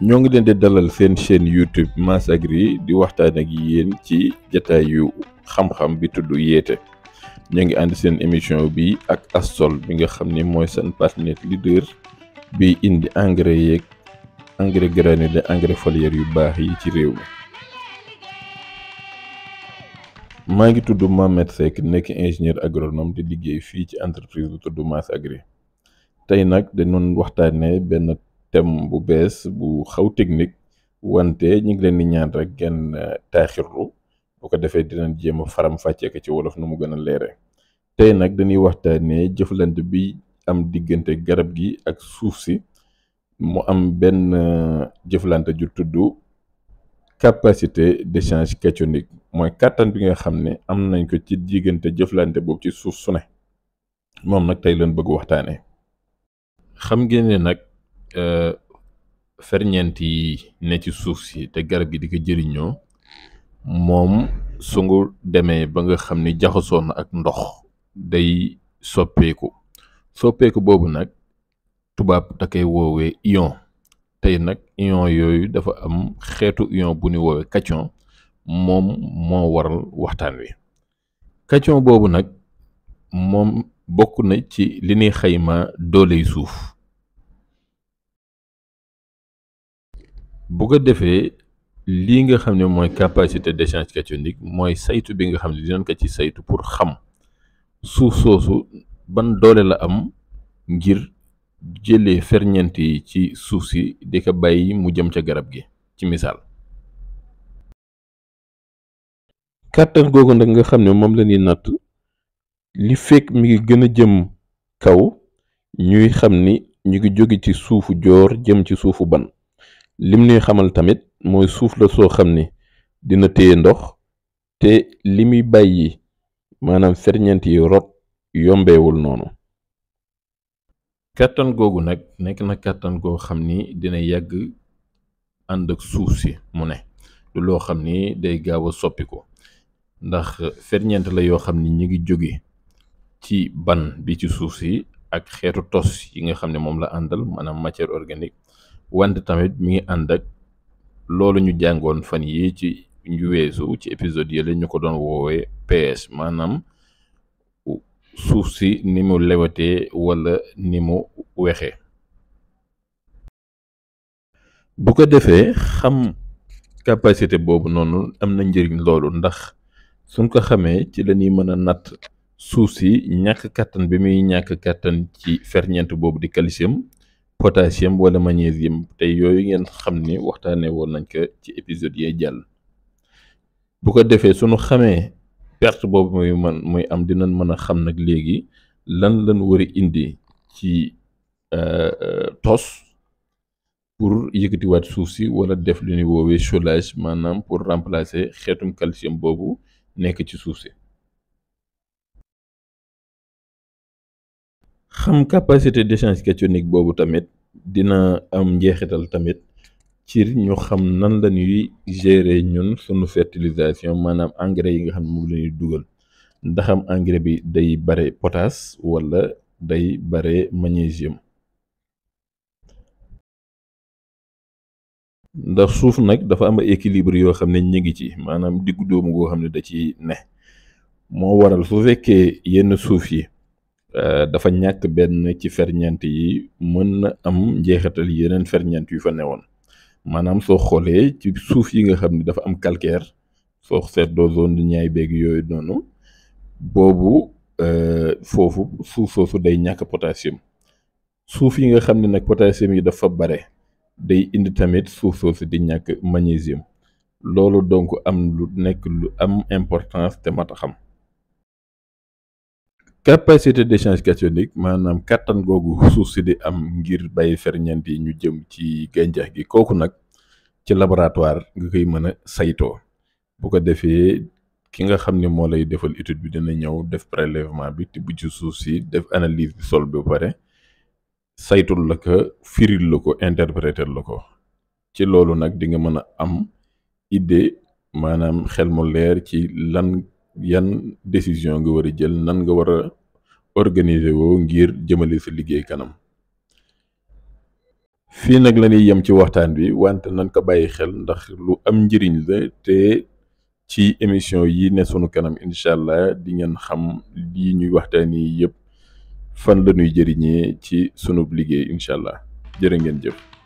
ñoo ngi leen de dalal seen chaîne YouTube Mas Agri di waxtaan ak yéen ci jataay yu xam-xam bi tudd yeete ñoo ngi ànd seen émission bi ak Assol bi nga xam ni mooy seen partenaire leader bi indi engrais yeeg engrais granulé engrais foliere yu baax yi ci réew mi maa ngi tudd Mohamed Seck nekk ingénieur agronome di liggéey fii ci entreprise bu tudd Mas Agri tey nag dañu waxtaanee benn tem bu bees bu xaw technique wante ñu ngi leen di ñaan rek genn euh, taaxirlu boo ko defee dinañ jéem a faram-fàccee ci wolof nu mu gën a leere tey nag dañuy waxtaanee jëflante bi am diggante garab gi ak suuf si mu am benn euh, jëflante ju tudd capacité d'échange cationique mooy kàttan bi nga xam ne am nañ ko ci diggante jëflante boobu ci suuf su ne moom nag tey leen bëgg waxtaanee. xam ngeen nag E, ferñeent yi ne ci suuf si te garab gi di ko jëriñoo moom sungu demee ba nga xam ni jaxasoo ak ndox day soppeeku soppeeku boobu nag tubaab da koy woowee ion tey nag ion yooyu dafa am xeetu ion bu ñu woowee cation moom moo waral waxtaan wi cation boobu nag moom bokk na ci li nuy xayma dooley suuf bu ko defee lii nga xam ne mooy capacité de d'échange cationique mooy saytu bi nga xam ne dinañ ko ci saytu pour xam suuf soosu ban doole la am ngir jëlee ferñent yi ci suuf si di ko bàyyi mu jëm ca garab gi ci misaal. kàttan googu nag nga xam ne moom la ñuy natt li fekk mi ngi gën a jëm kaw ñuy xam ni ñu ngi jóge ci suufu joor jëm ci suufu ban. lim nuy xamal tamit mooy suuf la soo xam ni dina téye ndox te li muy bàyyi maanaam ferñeent yi rot yombewul noonu kàttan googu nag nekk na kàttan goo xam ni dina yàgg ànd ak suuf si mu ne du loo xam ni day gaaw a soppi ko ndax ferñeent la yoo xam ni ñu ngi jóge ci ban bi ci suuf si ak xeetu tos yi nga xam ne moom la àndal maanaam matière organique wante tamit mu ngi ànd ak loolu ñu jàngoon fan yi ci ñu weesu ci épisode yële ñu ko doon woowee PS maanaam suuf si ni mu lewatee wala ni mu wexe bu ko defee xam capacité boobu noonu am na njëriñ loolu ndax suñ ko xamee ci la ñuy mën a natt suuf si ñàkk kàttan bi muy ñàkk kàttan ci ferñeent boobu di calcium potassium wala magnésium tey yooyu ngeen xam ni waxtaanee woon nañ ko ci épisode yee jàll bu ko defee suñu xamee perte boobu muy man muy am dinañ mën a xam nag léegi lan lañ war a indi ci euh, euh, tos pour yëkkatiwaat suuf si wala def lu nu woowee cholage maanaam pour remplacer xeetum calcium boobu nekk ci suuf si am capacité d'échange cationique boobu tamit dina am njeexital tamit ci ñu xam nan la ñuy gérer ñun sunu fertilisation maanaam engrais yi nga xam ne moom la ñuy dugal ndaxam engrais bi day bare potasse wala day bare magnésium ndax suuf nag dafa am ay équilibre yoo xam ne ñu ngi ci maanaam diggu doomu goo xam ne da ci ne moo waral su fekkee yenn suuf yi. Euh, dafa ñàkk benn ci ferñeent yi mën na am njeexital yeneen ferñeent yu fa newoon maanaam soo xoolee ci suuf yi nga xam ni dafa am calcaire soo seetloo zone du ñaay beeg yooyu noonu boobu euh, foofu suuf soosu day ñàkk potassium suuf yi nga xam ne nag potassium yi dafa bare day indi tamit suuf soosu di ñàkk magnésium loolu donc am lu nekk lu am importance te mat a xam. capacité d'échange cationique maanaam kattan googu suuf si di am ngir bàyyi ferñeent yi ñu jëm ci gàncax gi kooku nag ci laboratoire nga koy mën a saytoo bu ko defee ki nga xam ni moo lay defal étude bi dina ñëw def prélèvement bi tibb ci suuf si def analyse bi sol bi ba pare saytul la ko firil la ko interpréter la ko ci loolu nag di nga mën a am idée maanaam xel mu leer ci lan. yan décision nga war a jël nan nga war a organiser woo ngir jëmale sa liggéey kanam fii nag la ñuy yem ci waxtaan bi wante nan ko bàyyi xel ndax lu am njëriñ la te ci émission yi ne sunu kanam incha allah di ngeen xam lii ñuy waxtaan yi yëpp fan la ñuy jëriñee ci sunub liggéey incha allah jërë ngeen jëf.